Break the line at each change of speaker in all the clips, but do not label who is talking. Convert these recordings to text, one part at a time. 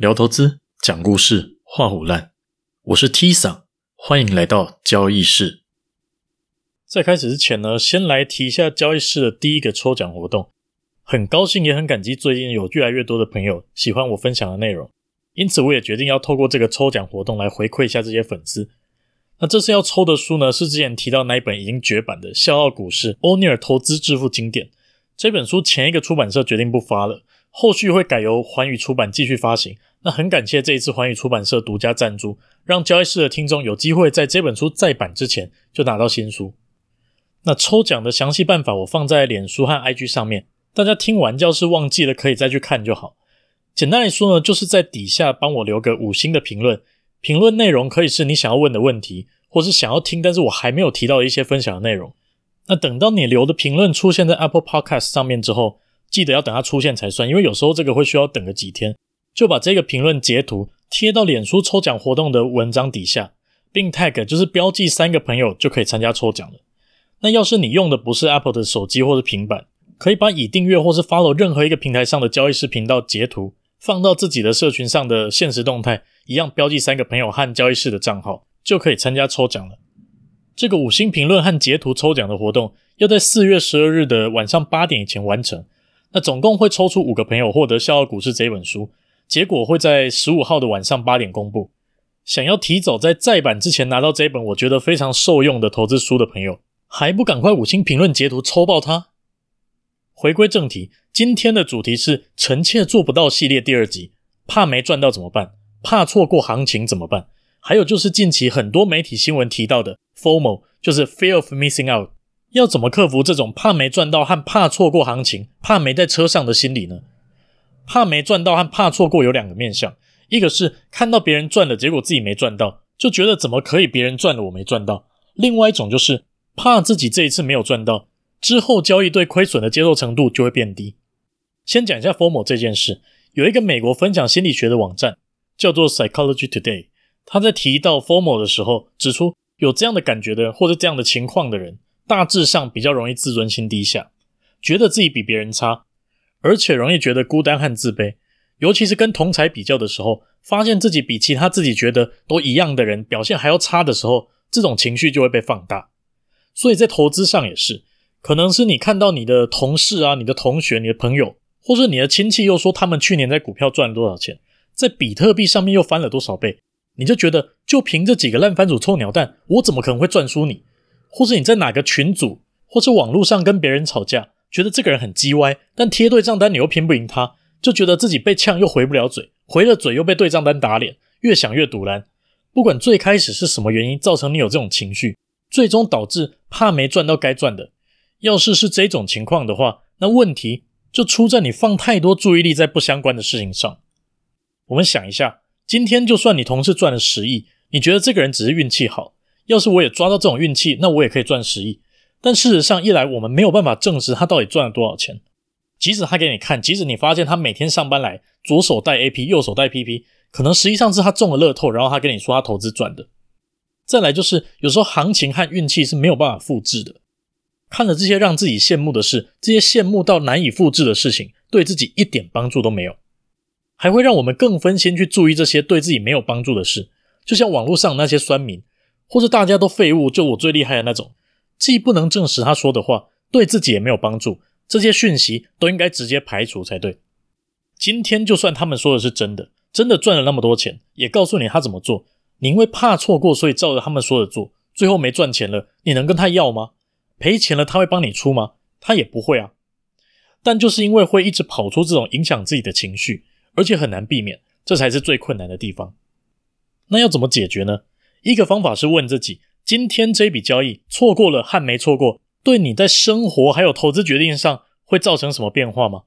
聊投資，講故事，話虎爛，我是 T 桑，歡迎來到交易室。在開始之前呢，先來提一下交易室的第一個抽獎活動。很高興，也很感激，最近有越來越多的朋友喜歡我分享的內容，因此我也決定要透過這個抽獎活動來回饋一下這些粉絲。那這次要抽的書呢，是之前提到那本已經絕版的《笑傲股市：歐尼爾投資致富經典》這本書，前一個出版社決定不發了。後續會改由寰宇出版繼續發行。那很感謝這一次寰宇出版社獨家贊助，讓交易事的聽眾有機會在這本書再版之前就拿到新書。那抽獎的詳細辦法我放在臉書和 IG 上面，大家聽完教室忘記了可以再去看就好。簡單來說呢，就是在底下幫我留個五星的評論，評論內容可以是你想要問的問題，或是想要聽但是我還沒有提到的一些分享的內容。那等到你留的評論出現在 Apple Podcast 上面之後。記得要等它出現才算，因為有時候這個會需要等個幾天。就把這個評論截圖貼到臉書抽獎活動的文章底下，並 tag 就是標記三個朋友，就可以參加抽獎了。那要是你用的不是 Apple 的手機或者平板，可以把已訂閱或是 follow 任何一個平台上的交易事頻道截圖，放到自己的社群上的限時動態，一樣標記三個朋友和交易事的賬號，就可以參加抽獎了。這個五星評論和截圖抽獎的活動，要在四月十二日的晚上八點以前完成。那總共會抽出五個朋友獲得《笑傲股市》這本書，結果會在十五號的晚上八點公布。想要提早在再版之前拿到這一本我覺得非常受用的投資書的朋友，還不趕快五星評論、截圖抽爆它！回歸正題，今天的主題是“臣妾做不到”系列第二集，怕沒賺到怎麼辦？怕錯過行情怎麼辦？還有就是近期很多媒體新聞提到的 “FOMO”，就是 “Fear of Missing Out”。要怎麼克服這種怕沒賺到和怕錯過行情、怕沒在車上的心理呢？怕沒賺到和怕錯過有兩個面向，一個是看到別人賺了，結果自己沒賺到，就覺得怎麼可以別人賺了我沒賺到；另外一種就是怕自己這一次沒有賺到，之後交易對虧損的接受程度就會變低。先講一下 FOMO 這件事，有一個美國分享心理學的網站叫做 Psychology Today，他在提到 FOMO 的時候指出，有這樣的感覺的或者這樣的情況的人。大致上比較容易自尊心低下，覺得自己比別人差，而且容易覺得孤單和自卑。尤其是跟同儕比較的時候，發現自己比其他自己覺得都一樣的人表現還要差的時候，這種情緒就會被放大。所以在投資上也是，可能是你看到你的同事啊、你的同學、你的朋友，或是你的親戚又說他們去年在股票賺了多少錢，在比特幣上面又翻了多少倍，你就覺得就憑這幾個爛番薯臭鳥蛋，我怎麼可能會賺輸你？或是你在哪個群組，或是網絡上跟別人吵架，覺得這個人很機歪，但貼對賬單你又拼不贏他，就覺得自己被嗆又回不了嘴，回了嘴又被對賬單打臉，越想越賭爛。不管最開始是什麼原因造成你有這種情緒，最終導致怕沒賺到該賺的。要是是這種情況的話，那問題就出在你放太多注意力在不相關的事情上。我們想一下，今天就算你同事賺了十億，你覺得這個人只是運氣好？要是我也抓到這種運氣，那我也可以賺十億。但事實上，一來我們沒有辦法證實他到底賺了多少錢，即使他給你看，即使你發現他每天上班來，左手帶 AP，右手帶 PP，可能實際上是他中了樂透，然後他跟你說他投資賺的。再來就是有時候行情和運氣是沒有辦法複製的。看着這些讓自己羨慕的事，這些羨慕到難以複製的事情，對自己一點幫助都沒有，還會讓我們更分心去注意這些對自己沒有幫助的事，就像網絡上那些酸民。或者大家都廢物，就我最厲害的那種。既不能證實他說的話，對自己也沒有幫助。這些訊息都應該直接排除才對。今天就算他們說的是真的，真的賺了那麼多錢，也告訴你他怎麼做。你因為怕錯過，所以照着他們說的做，最後沒賺錢了，你能跟他要嗎？賠錢了他會幫你出嗎？他也不會啊。但就是因為會一直跑出這種影響自己的情緒，而且很難避免，這才是最困難的地方。那要怎麼解決呢？一個方法是問自己：今天這筆交易錯過了和沒錯過，對你在生活還有投資決定上會造成什麼變化嗎？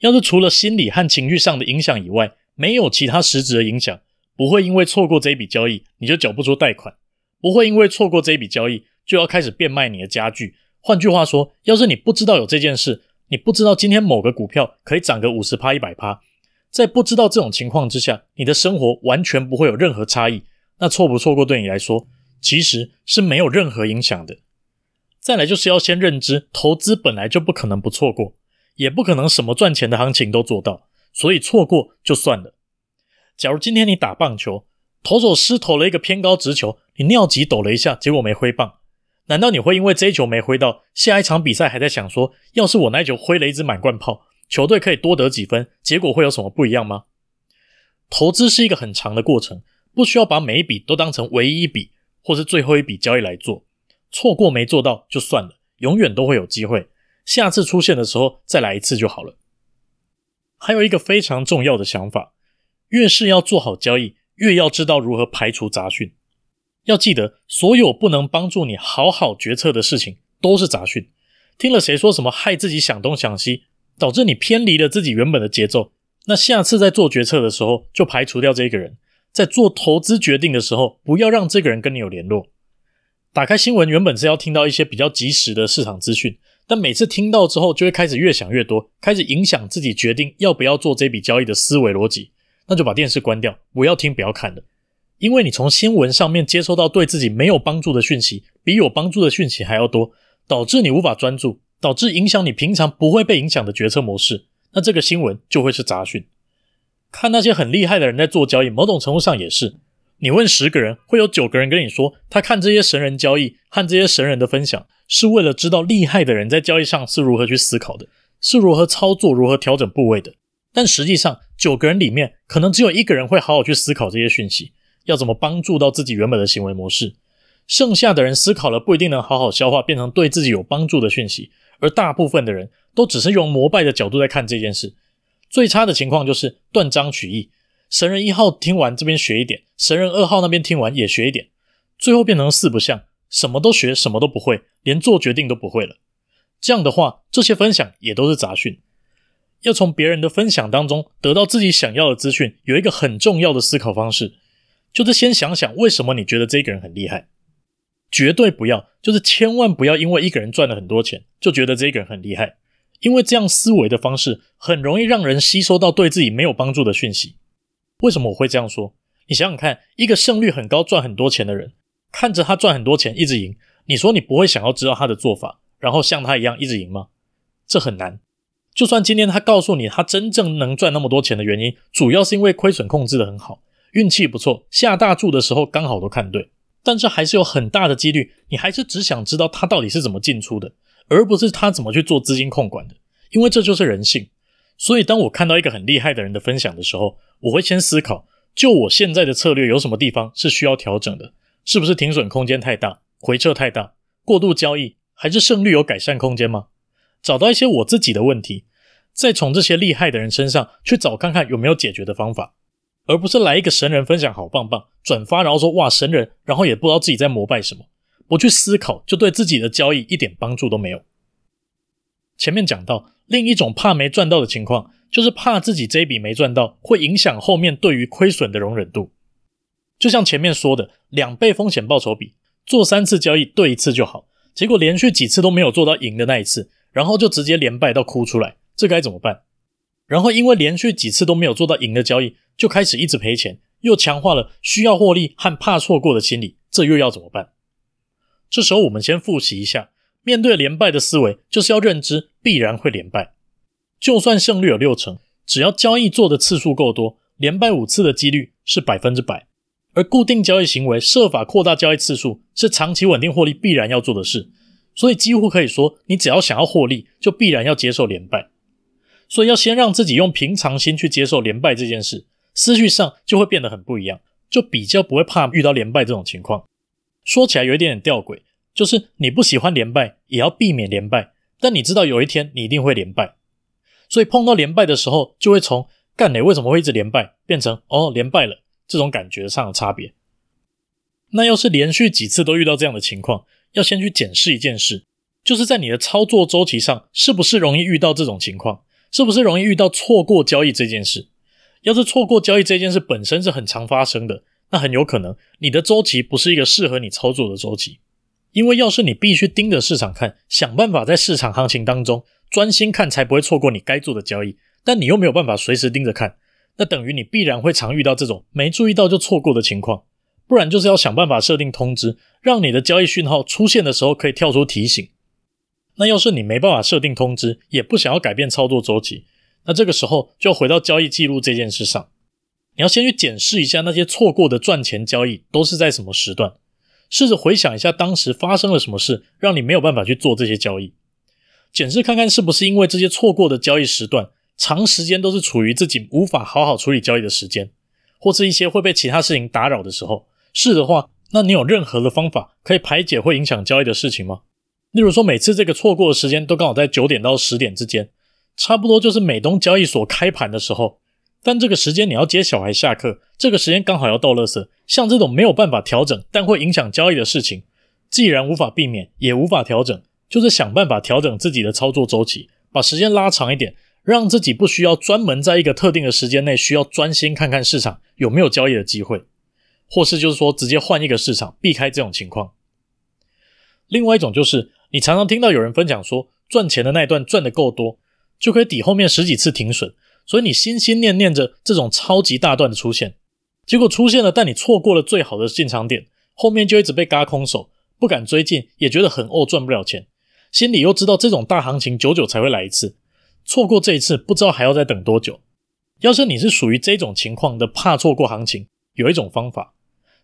要是除了心理和情緒上的影響以外，沒有其他實質的影響，不會因為錯過這一筆交易你就繳不出貸款，不會因為錯過這一筆交易就要開始變賣你的家具。換句話說，要是你不知道有這件事，你不知道今天某個股票可以漲個五十趴一百趴，在不知道這種情況之下，你的生活完全不會有任何差異。那錯不錯過，對你來說其實是沒有任何影響的。再來就是要先認知，投資本來就不可能不錯過，也不可能什麼賺錢的行情都做到，所以錯過就算了。假如今天你打棒球，投手失投了一個偏高直球，你尿急抖了一下，結果沒揮棒，難道你會因為這一球沒揮到，下一場比賽還在想說，要是我那一球揮了一支滿貫炮，球隊可以多得幾分，結果會有什麼不一樣嗎？投資是一個很長的過程。不需要把每一筆都當成唯一一筆或是最後一筆交易來做，錯過沒做到就算了，永遠都會有機會，下次出現的時候再來一次就好了。還有一個非常重要的想法，越是要做好交易，越要知道如何排除雜訊。要記得，所有不能幫助你好好決策的事情都是雜訊。聽了誰說什麼害自己想東想西，導致你偏離了自己原本的節奏，那下次在做決策的時候就排除掉這一個人。在做投資決定的時候，不要讓這個人跟你有聯絡。打開新聞原本是要聽到一些比較即時的市場資訊，但每次聽到之後，就會開始越想越多，開始影響自己決定要不要做這筆交易的思維邏輯。那就把電視關掉，不要聽，不要看了。因為你從新聞上面接收到對自己沒有幫助的訊息，比有幫助的訊息還要多，導致你無法專注，導致影響你平常不會被影響的決策模式。那這個新聞就會是雜訊。看那些很厲害的人在做交易，某種程度上也是。你問十個人，會有九個人跟你說，他看這些神人交易和這些神人的分享，是為了知道厲害的人在交易上是如何去思考的，是如何操作、如何調整部位的。但實際上，九個人裡面可能只有一個人會好好去思考這些訊息，要怎麼幫助到自己原本的行為模式。剩下的人思考了，不一定能好好消化，變成對自己有幫助的訊息，而大部分的人都只是用膜拜的角度在看這件事。最差的情況就是斷章取義，神人一號聽完這邊學一點，神人二號那邊聽完也學一點，最後變成四不像，什麼都學，什麼都不會，連做決定都不會了。這樣的話，這些分享也都是雜訊。要從別人的分享當中得到自己想要的資訊，有一個很重要的思考方式，就是先想想為什麼你覺得這個人很厲害。絕對不要，就是千萬不要因為一個人賺了很多錢，就覺得這個人很厲害。因為這樣思維的方式很容易讓人吸收到對自己沒有幫助的訊息。為什麼我會這樣說？你想想看，一個勝率很高、賺很多錢的人，看着他賺很多錢，一直贏，你說你不會想要知道他的做法，然後像他一樣一直贏嗎？這很難。就算今天他告訴你，他真正能賺那麼多錢的原因，主要是因為虧損控制得很好，運氣不錯，下大注的時候剛好都看對，但是還是有很大的幾率，你還是只想知道他到底是怎麼進出的。而不是他怎麼去做資金控管的，因為這就是人性。所以，當我看到一個很厲害的人的分享的時候，我會先思考：就我現在的策略有什麼地方是需要調整的？是不是停損空間太大、回撤太大、過度交易，還是勝率有改善空間嗎？找到一些我自己的問題，再從這些厲害的人身上去找看看有沒有解決的方法，而不是來一個神人分享好棒棒，轉發然後說哇神人，然後也不知道自己在膜拜什麼。不去思考，就對自己的交易一點幫助都沒有。前面講到另一種怕沒賺到的情況，就是怕自己這一筆沒賺到，會影響後面對於虧損的容忍度。就像前面說的，兩倍風險報酬比，做三次交易，對一次就好。結果連續幾次都沒有做到贏的那一次，然後就直接連敗到哭出來，這該怎麼辦？然後因為連續幾次都沒有做到贏的交易，就開始一直賠錢，又強化了需要獲利和怕錯過的心理，這又要怎麼辦？這時候，我們先複習一下，面對連敗的思維，就是要認知必然會連敗。就算勝率有六成，只要交易做的次數夠多，連敗五次的幾率是百分之百。而固定交易行為，設法擴大交易次數，是長期穩定獲利必然要做的事。所以，幾乎可以說，你只要想要獲利，就必然要接受連敗。所以，要先讓自己用平常心去接受連敗這件事，思緒上就會變得很不一樣，就比較不會怕遇到連敗這種情況。說起來有一點點弔詭，就是你不喜歡連敗，也要避免連敗，但你知道有一天你一定會連敗，所以碰到連敗的時候，就會從“幹你為什麼會一直連敗”變成“哦，連敗了”這種感覺上的差別。那要是連續幾次都遇到這樣的情況，要先去檢視一件事，就是在你的操作周期上是不是容易遇到這種情況，是不是容易遇到錯過交易這件事。要是錯過交易這件事本身是很常發生的，那很有可能，你的周期不是一個適合你操作的周期，因為要是你必須盯着市場看，想辦法在市場行情當中專心看，才不會錯過你該做的交易，但你又沒有辦法隨時盯着看，那等於你必然會常遇到這種沒注意到就錯過的情況，不然就是要想辦法設定通知，讓你的交易訊號出現的時候可以跳出提醒。那要是你沒辦法設定通知，也不想要改變操作周期，那這個時候就要回到交易記錄這件事上。你要先去檢視一下那些錯過的賺錢交易都是在什麼時段，試着回想一下當時發生了什麼事，讓你沒有辦法去做這些交易。檢視看看是不是因為這些錯過的交易時段，長時間都是處於自己無法好好處理交易的時間，或是一些會被其他事情打擾的時候。是的話，那你有任何的方法可以排解會影響交易的事情嗎？例如說，每次這個錯過的時間都剛好在九點到十點之間，差不多就是美東交易所開盤的時候。但這個時間你要接小孩下課，這個時間剛好要倒垃圾，像這種沒有辦法調整但會影響交易的事情，既然無法避免，也無法調整，就是想辦法調整自己的操作週期，把時間拉長一點，讓自己不需要專門在一個特定的時間內需要專心看看市場有沒有交易的機會，或是就是說直接換一個市場避開這種情況。另外一種就是你常常聽到有人分享說，賺錢的那一段賺得夠多，就可以抵後面十幾次停損。所以你心心念念着這種超級大段的出現，結果出現了，但你錯過了最好的進場點，後面就一直被嘎空手，不敢追進，也覺得很嘔，賺不了錢，心裡又知道這種大行情久久才會來一次，錯過這一次不知道還要再等多久。要是你是屬於這種情況的，怕錯過行情，有一種方法，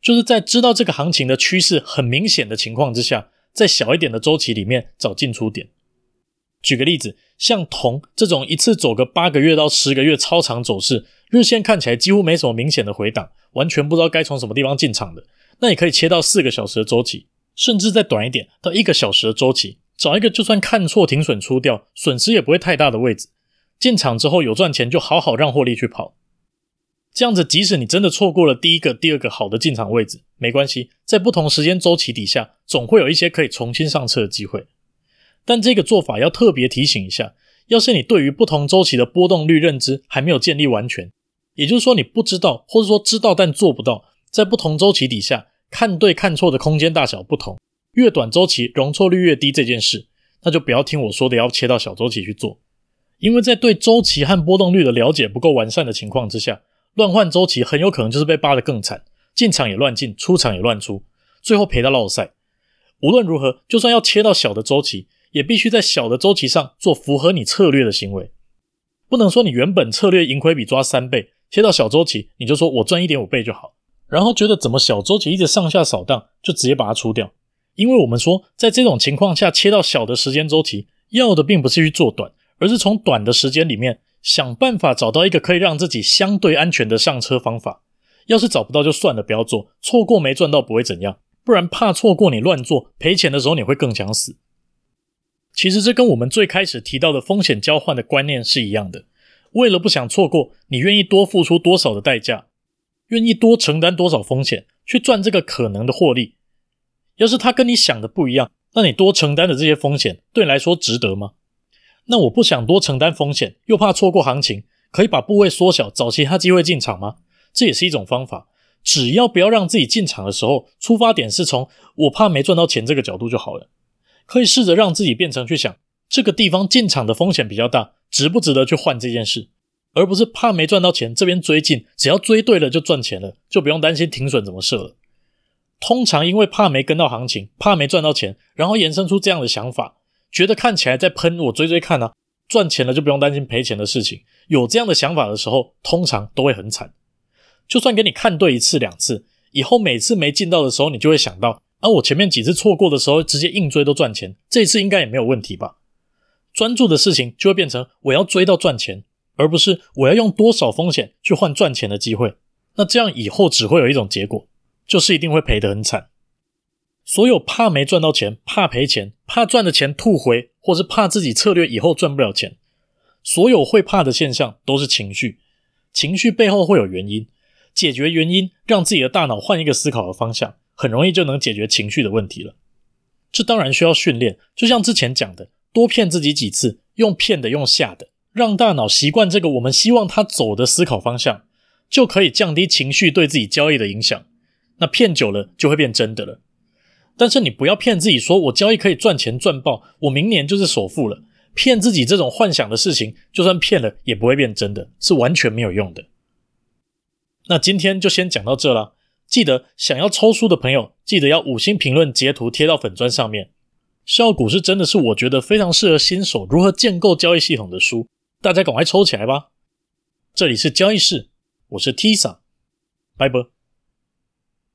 就是在知道這個行情的趨勢很明顯的情況之下，在小一點的周期裡面找進出點。舉個例子。像銅這種一次走個八個月到十個月超長走勢，日線看起來幾乎沒什麼明顯的回檔，完全不知道該從什麼地方進場的。那你可以切到四個小時的週期，甚至再短一點到一個小時的週期，找一個就算看錯停損出掉，損失也不會太大的位置。進場之後有賺錢，就好好讓獲利去跑。這樣子，即使你真的錯過了第一個、第二個好的進場位置，沒關係，在不同時間週期底下，總會有一些可以重新上車的機會。但這個做法要特別提醒一下，要是你對於不同週期的波動率認知還沒有建立完全，也就是說你不知道，或者說知道但做不到，在不同週期底下看對看錯的空間大小不同，越短週期容錯率越低這件事，那就不要聽我說的要切到小週期去做，因為在對週期和波動率的了解不夠完善的情況之下，亂換週期很有可能就是被扒得更慘，進場也亂進，出場也亂出，最後賠到落賽。無論如何，就算要切到小的週期。也必須在小的周期上做符合你策略的行為，不能說你原本策略盈虧比抓三倍，切到小周期你就說我賺一點五倍就好，然後覺得怎麼小周期一直上下掃蕩，就直接把它出掉。因為我們說，在這種情況下切到小的時間周期，要的並不是去做短，而是從短的時間裡面想辦法找到一個可以讓自己相對安全的上車方法。要是找不到就算了，不要做，錯過沒賺到不會怎樣，不然怕錯過你亂做賠錢的時候你會更想死。其實這跟我們最開始提到的風險交換的觀念是一樣的。為了不想錯過，你願意多付出多少的代價，願意多承擔多少風險，去賺這個可能的獲利？要是它跟你想的不一樣，那你多承擔的這些風險，對你來說值得嗎？那我不想多承擔風險，又怕錯過行情，可以把部位縮小，找其他機會進場嗎？這也是一種方法。只要不要讓自己進場的時候，出發點是從我怕沒賺到錢這個角度就好了。可以試着讓自己變成去想這個地方進場的風險比較大，值不值得去換這件事，而不是怕沒賺到錢這邊追進，只要追對了就賺錢了，就不用擔心停損怎麼設了。通常因為怕沒跟到行情，怕沒賺到錢，然後延伸出這樣的想法，覺得看起來在噴我追追看啊，賺錢了就不用擔心賠錢的事情。有這樣的想法的時候，通常都會很慘。就算給你看對一次兩次，以後每次沒進到的時候，你就會想到。而、啊、我前面幾次錯過的時候，直接硬追都賺錢，這一次應該也沒有問題吧？專注的事情就會變成我要追到賺錢，而不是我要用多少風險去換賺錢的機會。那這樣以後只會有一種結果，就是一定會賠得很慘。所有怕沒賺到錢、怕賠錢、怕賺的錢吐回，或是怕自己策略以後賺不了錢，所有會怕的現象都是情緒，情緒背後會有原因，解決原因，讓自己的大腦換一個思考的方向。很容易就能解決情緒的問題了，這當然需要訓練，就像之前講的，多騙自己幾次，用騙的，用嚇的，讓大腦習慣這個我們希望他走的思考方向，就可以降低情緒對自己交易的影響。那騙久了就會變真的了，但是你不要騙自己說我交易可以賺錢賺爆，我明年就是首富了，騙自己這種幻想的事情，就算騙了也不會變真的，是完全沒有用的。那今天就先講到這啦。記得想要抽書的朋友，記得要五星評論、截圖貼到粉專上面。效果是真的是我覺得非常適合新手如何建構交易系統的書，大家趕快抽起來吧！這裡是交易事，我是 Tisa，拜拜。